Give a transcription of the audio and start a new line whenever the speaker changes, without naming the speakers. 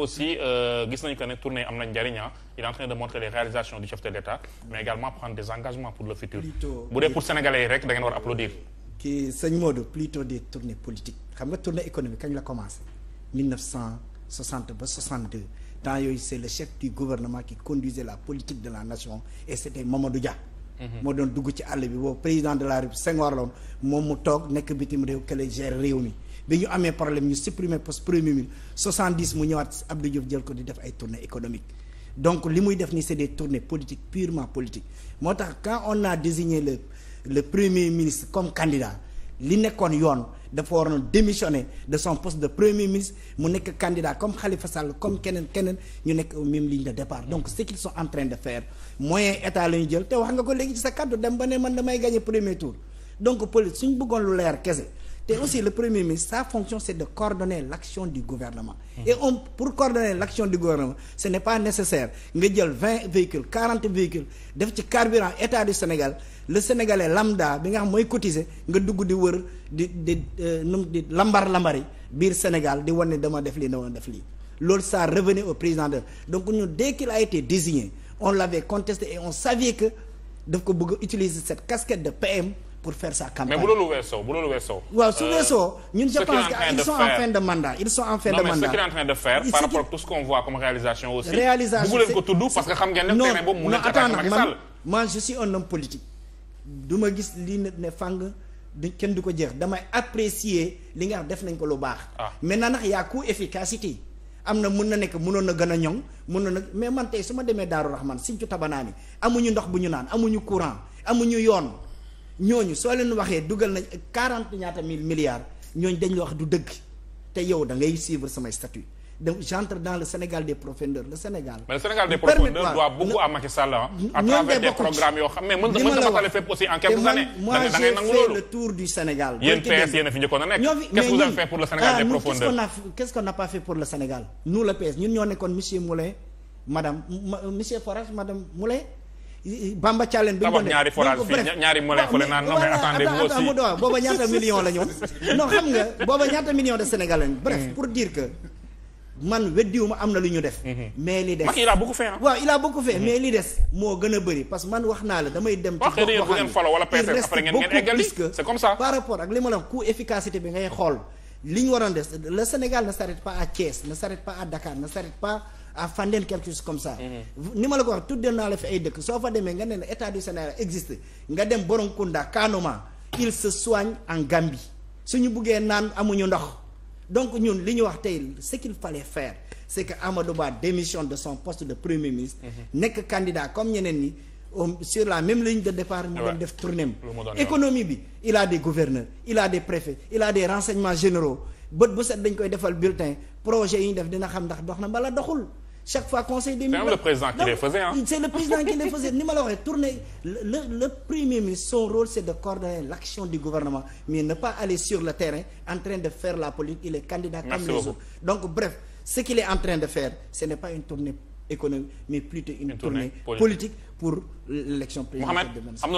aussi euh, gis nañu que ne tournée am nañ njariñ ah. il est en train de montrer les réalisations du chef de l'État mais également prendre des engagements pour le futur bu dee pour sénégalais yi rek da war applaudir
kii sëñ Modou plutôt des tournées politiques xam nga tournée économique kañ la commencé ba temps yooyu c'est le chef du gouvernement qui conduisait la politique de la nation et c'était Mamadou Dia Mhm. moo doon dugg ci àll bi boobu président de la République Senghor la woon moom mu toog nekk bitim réew kële gère réew mi bi ñu amee problème ñu supprimer poste premier ministre 70 mu ñëwaat Abdou Diouf jël ko di def ay tournée économique donc li muy def ni c'est des tournées politiques purement politiques moo tax quand on a désigné le le premier ministre comme candidat li nekkoon yoon dafa waroon démissionner de son poste de premier ministre mu nekk candidat comme Khalifa Sall comme keneen keneen ñu nekk même ligne de départ donc ce qu'ils sont en train de faire moyen état la ñu jël te wax nga ko léegi ci sa kàddu dem ba ne man damay gagner premier tour donc police suñ bëggoon lu leer kese te aussi le premier ministre sa fonction c'est de coordonner l'action du gouvernement et on pour coordonner l'action du gouvernement ce n'est pas nécessaire nga jël vingt véhicules quarante véhicules def ci carburant état du Sénégal le Sénégalais lambda bi nga xam mooy cotiser nga dugg di wër di di euh, num di lambar lambari biir Sénégal di wane dama def lii dama def lii loolu sa revenait au président de donc ñu dès qu'il a été désigné on l'avait contesté et on savait que daf ko bëgg utiliser cette casquette de PM pour faire sa campagne. mais bu loolu
weesoo bu loolu weesoo. waaw su weesoo euh, ñun je pense que ils sont en fin
de mandat ils sont en fin de mandat. non mais ce de faire par
rapport réalisation aussi. réalisation bu ko tudd parce que xam ngeen
ma gis lii ne fang du du ko jeex damay apprécier li nga xam def nañ ko lu baax. Ah. maintenant nag y a coût efficacité. am na mun na nekk mënoon na gën a ñoŋ mënoon na mais man tey su ma demee Daaru Rahman Sinthiou Tabanaani amuñu ndox bu ñu naan amuñu courant amuñu yoon ñooñu soo leen waxee dugal nañ quarante ñaata mille milliards ñooñu dañ la wax du dëgg te yow da ngay suivre samay statut donc j'entre dans le Sénégal des profondeurs le Sénégal.
mais le Sénégal des profondeurs doit beaucoup à Macky xam ne mën na matale fépp le
tour du Sénégal. yéen PS
yéen a fi njëkkoon a nekk. ñoo fi mais ñun
qu'est-ce que vous avez ah, pour le Sénégal des profondeurs. quest ñun ñoo nekkoon monsieur Moulay madame monsieur Forage madame Moulay Bamba Challenge. bi ñu ñaari forage am na lu ñu def. Mm-hmm. mais li des a waaw il a beaucoup mm-hmm. mais li des moo gën a bëri parce man wax naa la damay dem. ci gox goxaan yi il reste beaucoup par rapport ak li ma la wax coût bi ngay xool. li ñu waroon def le Sénégal ne s'arrête pas à Thiès ne s'arrête pas à Dakar ne s'arrête pas à Fandène quelque comme ça. Mm-hmm. ni ma la ko wax tuddee naa la fi ay dëkk soo fa demee nga ne ne état du Sénégal existe nga dem Boronkunda Kanuma il se soigne en Gambie suñu buggee naan amuñu ndox donc ñun li ñu wax tey ce qu'il fallait faire c'est que Amadou Ba démissionne de son poste de premier ministre. Mm-hmm. nekk candidat comme ñeneen ñi. sur la même ligne de départ mu doon def tournéem économie bi il a des gouverneurs il a des préfets il a des renseignements généraux bët bu set dañ koy defal bulletin projet yi ñu def dina xam ndax dox na mbala doxul chaque fois conseil des ministres
c'est le président qui le président
ni ma la waxee tourner le le premier ministre son rôle c'est de coordonner l'action du gouvernement mais ne pas aller sur le terrain en train de faire la politique il est candidat comme les économique mais plutôt une tournée politique pour l'élection présidentielle de 2024